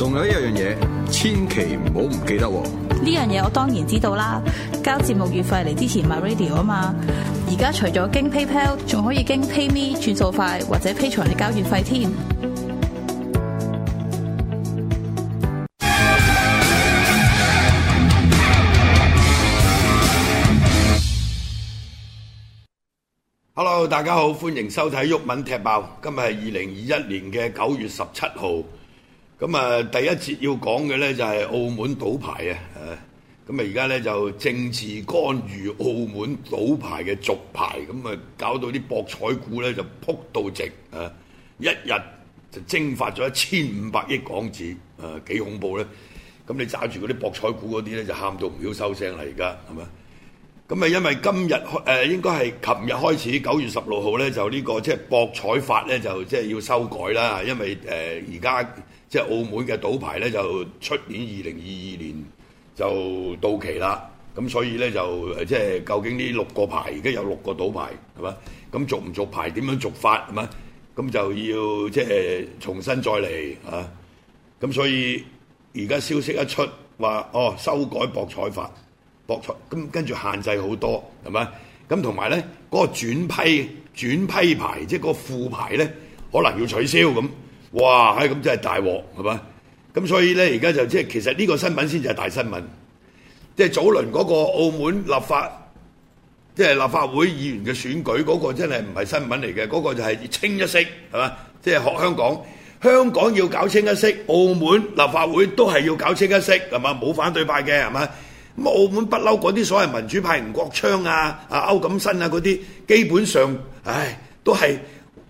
仲有一樣嘢，千祈唔好唔記得喎！呢樣嘢我當然知道啦，交節目月費嚟支持 MyRadio 啊嘛！而家除咗經 PayPal，仲可以經 PayMe 轉數快或者 Patreon 嚟交月費添。Hello，大家好，歡迎收睇《毓民踢爆》，今日係二零二一年嘅九月十七號。咁啊，第一節要講嘅咧就係澳門賭牌啊，誒，咁啊而家咧就政治干預澳門賭牌嘅續牌，咁啊搞到啲博彩股咧就仆到直，誒，一日就蒸發咗一千五百億港紙，誒幾恐怖咧？咁你揸住嗰啲博彩股嗰啲咧就喊到唔曉收聲啦，而家係咪？咁咪因為今日誒應該係琴日開始，九月十六號咧就呢個即係博彩法咧就即係要修改啦。因為誒而家即係澳門嘅賭牌咧就出年二零二二年就到期啦。咁所以咧就即係究竟呢六個牌而家有六個賭牌係嘛？咁續唔續牌，點樣續法係嘛？咁就要即係重新再嚟嚇。咁所以而家消息一出話哦，修改博彩法。咁跟住限制好多係咪？咁同埋呢個轉批轉批牌，即係嗰個副牌呢，可能要取消咁。哇！係咁真係大鑊係咪？咁所以呢，而家就即係其實呢個新聞先至係大新聞。即係早輪嗰個澳門立法，即係立法會議員嘅選舉嗰個真係唔係新聞嚟嘅，嗰個就係清一色係咪？即係學香港，香港要搞清一色，澳門立法會都係要搞清一色係咪？冇反對派嘅係咪？咁澳門不嬲嗰啲所謂民主派吳國昌啊、阿歐錦新啊嗰啲，基本上唉都係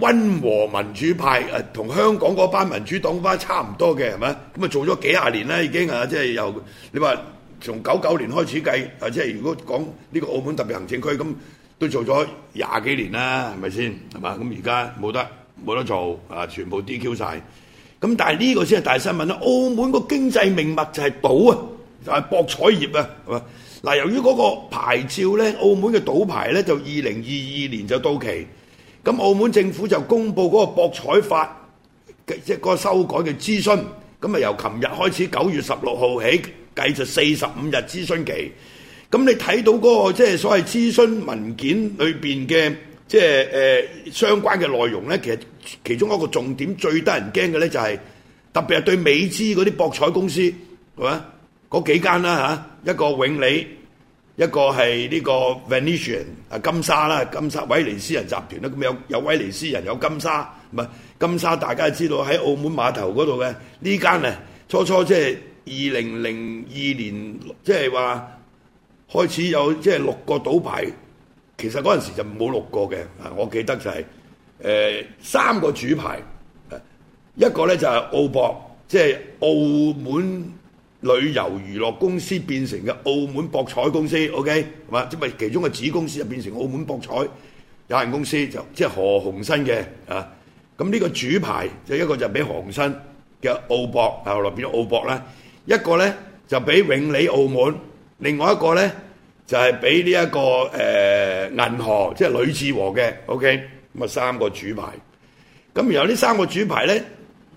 溫和民主派，誒、呃、同香港嗰班民主黨班差唔多嘅，係咪咁啊？做咗幾廿年啦，已經啊，即係由你話從九九年開始計啊，即係如果講呢個澳門特別行政區咁，都做咗廿幾年啦，係咪先係嘛？咁而家冇得冇得做啊，全部 DQ 晒咁，但係呢個先係大新聞啦！澳門個經濟命脈就係賭啊！就係博彩業啊，係嘛？嗱，由於嗰個牌照咧，澳門嘅賭牌咧就二零二二年就到期，咁澳門政府就公布嗰個博彩法嘅即係嗰個修改嘅諮詢，咁咪由琴日開始九月十六號起計，就四十五日諮詢期。咁你睇到嗰、嗰個即係、就係、所謂諮詢文件裏邊嘅即係誒相關嘅內容咧，其實其中一個重點最得人驚嘅咧就係、係、特別係對美資嗰啲博彩公司，係嘛？嗰幾間啦嚇，一個永利，一個係呢個 Venetian 啊，金沙啦，金沙威尼斯人集團啦，咁有有威尼斯人，有金沙，唔係金沙，大家知道喺澳門碼頭嗰度嘅呢間啊，初初即係二零零二年，即係話開始有即係六個賭牌，其實嗰陣時就冇六個嘅，啊，我記得就係誒、呃、三個主牌，一個咧就係澳博，即係澳門。旅遊娛樂公司變成嘅澳門博彩公司，OK，係嘛？即係其中嘅子公司就變成澳門博彩有限公司，就即係何鴻燊嘅啊。咁呢個主牌就一個就俾何鴻燊嘅澳博，後來變咗澳博啦。一個咧就俾永利澳門，另外一個咧就係俾呢一個誒銀河，即係呂志和嘅，OK。咁啊三個主牌，咁然後呢三個主牌咧。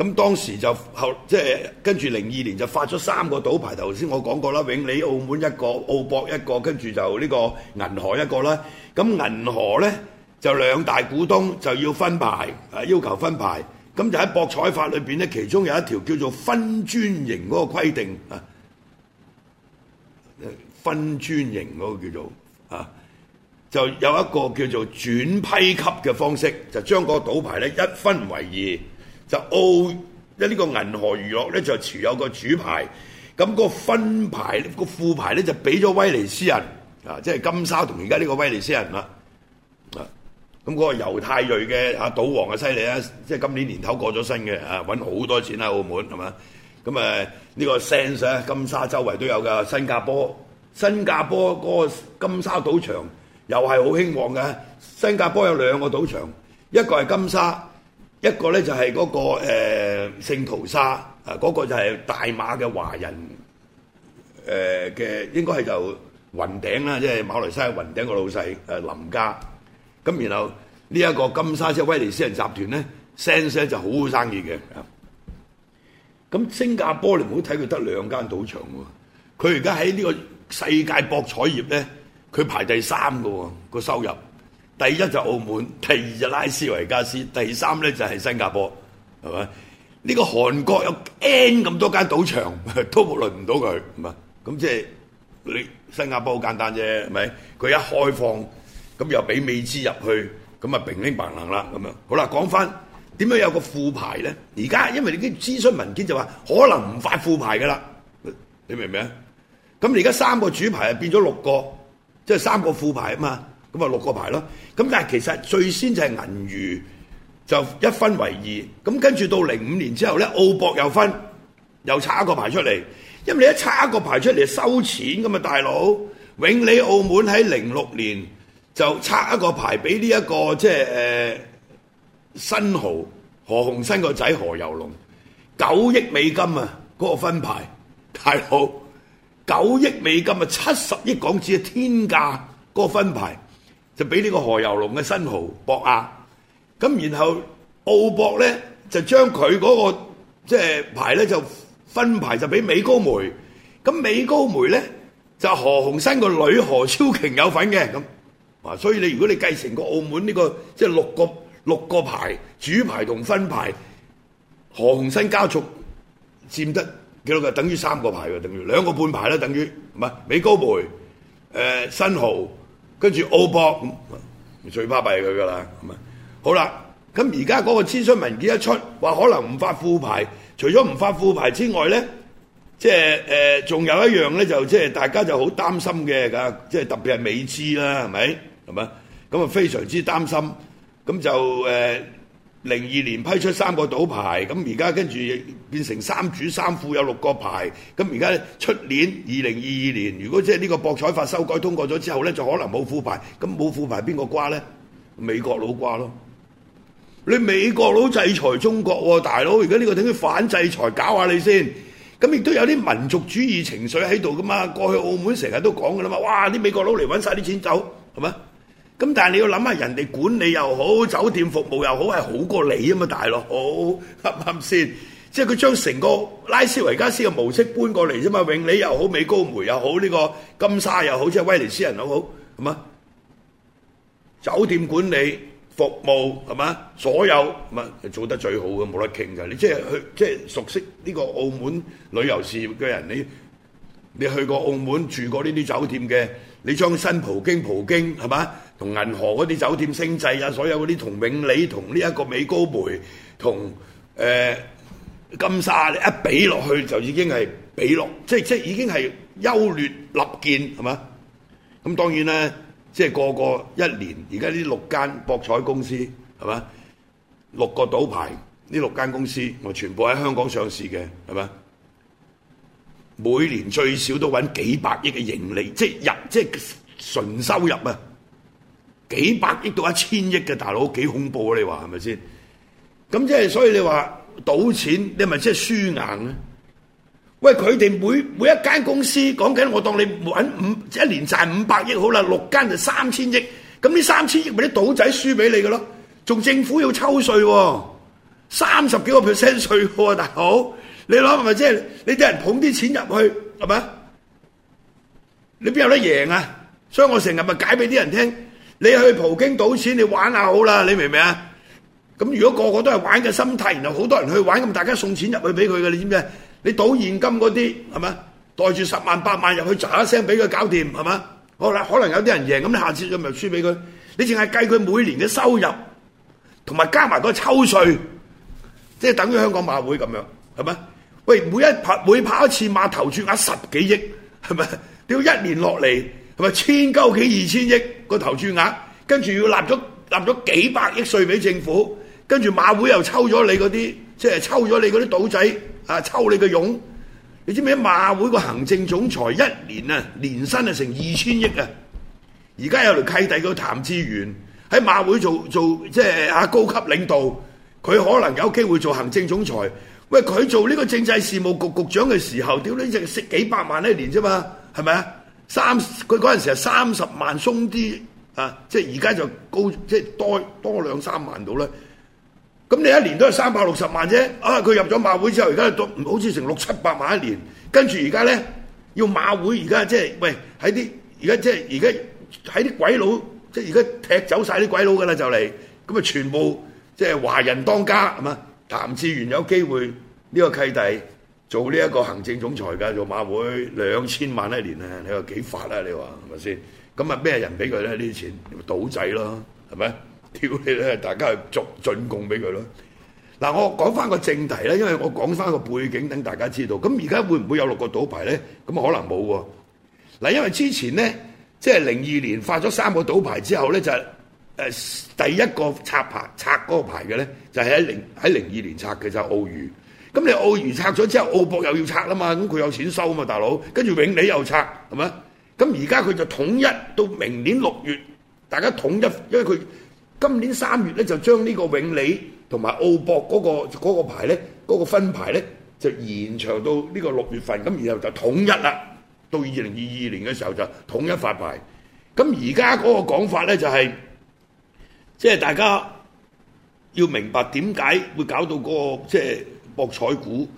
咁當時就後即係跟住零二年就發咗三個賭牌，頭先我講過啦，永利、澳門一個，澳博一個，跟住就呢個銀河一個啦。咁銀河呢，就兩大股東就要分牌，啊要求分牌。咁就喺博彩法裏邊呢，其中有一條叫做分專營嗰個規定啊，分專營嗰個叫做啊，就有一個叫做轉批級嘅方式，就將個賭牌呢一分為二。就澳一呢個銀河娛樂咧就持有個主牌，咁個分牌、個副牌咧就俾咗威尼斯人啊，即係金沙同而家呢個威尼斯人啊，咁嗰個猶太裔嘅啊賭王啊犀利啊，即係今年年頭過咗身嘅啊，揾好多錢喺澳門係嘛，咁誒呢個 sense 啊金沙周圍都有㗎，新加坡新加坡嗰個金沙賭場又係好興旺嘅，新加坡有兩個賭場，一個係金沙。一個咧就係嗰、那個誒聖淘、呃、沙，啊、呃！嗰、那個就係大馬嘅華人誒嘅、呃，應該係就雲頂啦，即係馬來西亞雲頂個老細誒、呃、林家。咁然後呢一、這個金沙即威尼斯人集團咧，sense 咧就好好生意嘅。咁、嗯、新加坡你唔好睇佢得兩間賭場喎，佢而家喺呢個世界博彩業咧，佢排第三嘅喎個,個收入。第一就澳門，第二就拉斯維加斯，第三咧就係新加坡，係咪？呢個韓國有 N 咁多間賭場，都輪唔到佢。咁咁即係你新加坡好簡單啫，係咪？佢一開放，咁又俾美資入去，咁啊平平白冷啦。咁樣好啦，講翻點樣有個副牌咧？而家因為你啲諮詢文件就話可能唔發副牌噶啦，你明唔明啊？咁而家三個主牌啊變咗六個，即係三個副牌啊嘛。咁啊，六個牌咯。咁但係其實最先就係銀娛就一分為二。咁跟住到零五年之後咧，澳博又分又拆一個牌出嚟。因為你一拆一個牌出嚟收錢㗎嘛，大佬。永利澳門喺零六年就拆一個牌俾呢一個即係誒新濠何鴻燊個仔何猷龍，九億美金啊！嗰、那個分牌，大佬九億美金啊，七十億港紙啊，天價嗰、那個分牌。就俾呢個何猷龍嘅新濠博亞。咁然後澳博咧就將佢嗰個即係、就是、牌咧就分牌就俾美高梅，咁美高梅咧就是、何鴻燊個女何超瓊有份嘅。咁，啊所以你如果你繼承個澳門呢、這個即係、就是、六個六個牌主牌同分牌，何鴻燊家族佔得幾多嘅？等於三個牌喎，等於兩個半牌啦，等於唔係美高梅誒、呃、新濠。跟住澳博咁最巴閉佢噶啦，係咪？好啦，咁而家嗰個諮詢文件一出，話可能唔發副牌，除咗唔發副牌之外咧，即係誒，仲、呃、有一樣咧，就即係大家就好擔心嘅㗎，即係特別係美資啦，係咪？係咪？咁啊非常之擔心，咁就誒。呃零二年批出三個賭牌，咁而家跟住變成三主三副有六個牌，咁而家出年二零二二年，如果即係呢個博彩法修改通過咗之後呢就可能冇副牌，咁冇副牌邊個瓜呢？美國佬瓜咯！你美國佬制裁中國喎、啊，大佬，而家呢個等於反制裁搞下你先？咁亦都有啲民族主義情緒喺度噶嘛？過去澳門成日都講噶啦嘛，哇！啲美國佬嚟揾晒啲錢走係嘛？咁但係你要諗下，人哋管理又好，酒店服務又好，係好過你啊嘛，大佬，好啱啱先？即係佢將成個拉斯維加斯嘅模式搬過嚟啫嘛，永利又好，美高梅又好，呢個金沙又好，即係威尼斯人又好，係嘛？酒店管理服務係嘛？所有咪做得最好嘅，冇得傾㗎。你即係去，即係熟悉呢個澳門旅遊事業嘅人，你你去過澳門住過呢啲酒店嘅。你將新葡京、葡京係嘛，同銀河嗰啲酒店星際啊，所有嗰啲同永利、同呢一個美高梅、同誒、呃、金沙你一比落去，就已經係比落，即係即係已經係優劣立見係嘛？咁當然啦，即係個個一年而家呢六間博彩公司係嘛，六個賭牌呢六間公司，我全部喺香港上市嘅係嘛？每年最少都揾幾百億嘅盈利，即係入即係純收入啊！幾百億到一千億嘅大佬幾恐怖啊！你話係咪先？咁即係所以你話賭錢，你咪即係輸硬啊？喂，佢哋每每一間公司講緊，我當你揾五一年賺五百億好啦，六間就三千億。咁呢三千億咪啲賭仔輸俾你嘅咯？仲政府要抽稅喎，啊，三十幾個 percent 稅喎，大佬。你諗係咪即係你啲人捧啲錢入去係咪？你邊有得贏啊？所以我成日咪解俾啲人聽，你去葡京賭錢，你玩下好啦，你明唔明啊？咁如果個個都係玩嘅心態，然後好多人去玩，咁大家送錢入去俾佢嘅，你知唔知？你賭現金嗰啲係咪？袋住十萬八萬入去，咋一聲俾佢搞掂，係咪？好啦，可能有啲人贏，咁你下次就咪輸俾佢？你淨係計佢每年嘅收入，同埋加埋個抽稅，即係等於香港馬會咁樣，係咪？喂，每一拍每跑一次馬，投注額十幾億，係咪？屌一年落嚟係咪千鳩幾二千億個投注額？跟住要納咗納咗幾百億稅俾政府，跟住馬會又抽咗你嗰啲，即係抽咗你嗰啲賭仔啊，抽你個傭。你知唔知馬會個行政總裁一年啊年薪啊成二千億啊？而家有條契弟叫譚志源，喺馬會做做，即係啊高級領導，佢可能有機會做行政總裁。喂，佢做呢個政制事務局局長嘅時候，屌你只食幾百萬一年啫嘛，係咪啊？三佢嗰陣時係三十萬鬆啲啊，即係而家就高，即係多多兩三萬到啦。咁你一年都係三百六十萬啫。啊，佢入咗馬會之後，而家都好似成六七百萬一年。跟住而家咧，要馬會，而家即係喂喺啲而家即係而家喺啲鬼佬，即係而家踢走晒啲鬼佬㗎喇就嚟。咁啊，全部即係華人當家，係嘛？譚志源有機會呢個契弟做呢一個行政總裁㗎，做馬會兩千萬一年啊！你話幾發啊？你話係咪先？咁啊咩人俾佢咧？呢啲錢賭仔咯，係咪？挑起咧，大家去逐進貢俾佢咯。嗱，我講翻個正題咧，因為我講翻個背景，等大家知道。咁而家會唔會有六個賭牌咧？咁可能冇喎。嗱，因為之前咧，即係零二年發咗三個賭牌之後咧，就係。誒，第一個拆牌拆嗰個牌嘅呢，就係喺零喺零二年拆嘅就係澳娛，咁你澳娛拆咗之後，澳博又要拆啦嘛，咁佢有錢收嘛，大佬，跟住永利又拆，係咪？咁而家佢就統一到明年六月，大家統一，因為佢今年三月呢，就將呢個永利同埋澳博嗰個嗰個牌呢，嗰個分牌呢，就延長到呢個六月份，咁然後就統一啦，到二零二二年嘅時候就統一發牌。咁而家嗰個講法呢，就係。即係大家要明白點解會搞到嗰、那個即係、就是、博彩股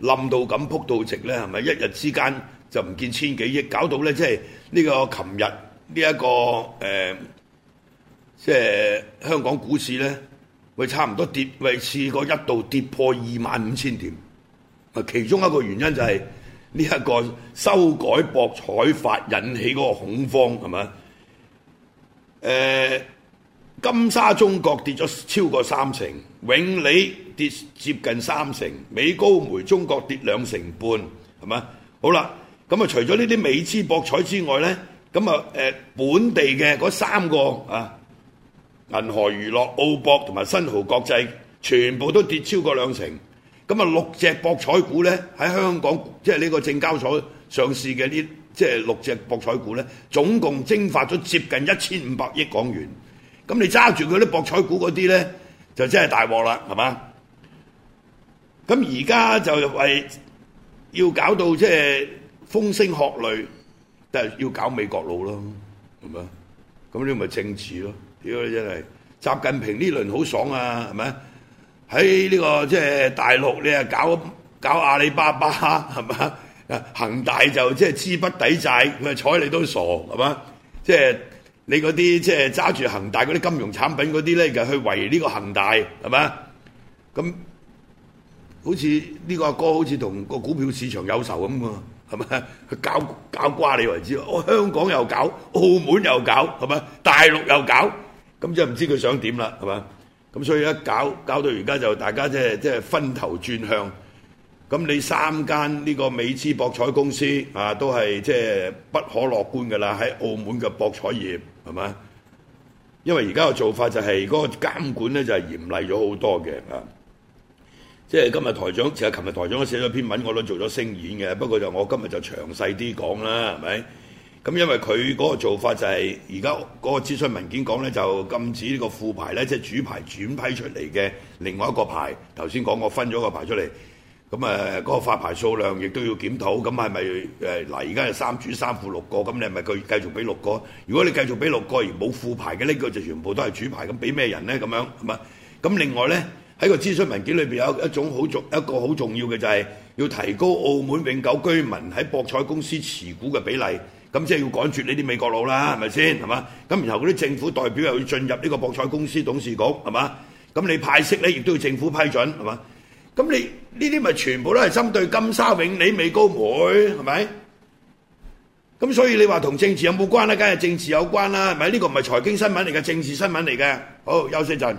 冧到咁仆到直咧，係咪？一日之間就唔見千幾億，搞到咧即係呢個琴日呢一個誒，即、呃、係、就是、香港股市咧，會差唔多跌，未試過一度跌破二萬五千點。啊，其中一個原因就係呢一個修改博彩法引起嗰個恐慌，係咪？誒、呃。金沙中國跌咗超過三成，永利跌接近三成，美高梅中國跌兩成半，係嘛？好啦，咁啊除咗呢啲美資博彩之外呢，咁啊誒本地嘅嗰三個啊，銀河娛樂、澳博同埋新濠國際，全部都跌超過兩成。咁啊六隻博彩股呢喺香港，即係呢個證交所上市嘅呢，即係六隻博彩股呢，總共蒸發咗接近一千五百億港元。咁你揸住佢啲博彩股嗰啲咧，就真係大鑊啦，係嘛？咁而家就係要搞到即係風聲鶴唳，就係要搞美國佬咯，係咪？咁你咪政治咯，屌、哎、真係習近平呢輪好爽啊，係咪？喺呢個即係大陸，你啊搞搞阿里巴巴，係嘛？啊恒大就即係資不抵債，佢咪睬你都傻，係嘛？即係。你嗰啲即係揸住恒大嗰啲金融產品嗰啲咧，就去圍呢個恒大，係咪？咁好似呢個阿哥好似同個股票市場有仇咁喎，係咪？佢搞搞瓜你為止，我香港又搞，澳門又搞，係咪？大陸又搞，咁即係唔知佢想點啦，係咪？咁所以一搞搞到而家就大家即係即係分頭轉向。咁你三間呢個美資博彩公司啊，都係即係不可樂觀嘅啦，喺澳門嘅博彩業。係嘛？因為而家個做法就係嗰個監管咧就係嚴厲咗好多嘅啊！即係今日台長，其實琴日台長都寫咗篇文，我都做咗聲演嘅，不過就我今日就詳細啲講啦，係咪？咁因為佢嗰個做法就係而家嗰個諮詢文件講咧就禁止呢個副牌咧，即係主牌轉批出嚟嘅另外一個牌。頭先講我分咗個牌出嚟。咁誒，嗰個發牌數量亦都要檢討，咁係咪誒嗱？而家係三主三副六個，咁你係咪佢繼續俾六個？如果你繼續俾六個而冇副牌嘅呢佢就全部都係主牌，咁俾咩人咧？咁樣係嘛？咁另外咧，喺個諮詢文件裏邊有一種好重一個好重要嘅就係要提高澳門永久居民喺博彩公司持股嘅比例，咁即係要趕絕呢啲美國佬啦，係咪先？係嘛？咁然後嗰啲政府代表又要進入呢個博彩公司董事局，係嘛？咁你派息咧，亦都要政府批准，係嘛？咁你呢啲咪全部都係針對金沙永利美高梅，係咪？咁所以你話同政治有冇關咧？梗係政治有關啦，係咪？呢、這個唔係財經新聞嚟嘅，政治新聞嚟嘅。好，休息一陣。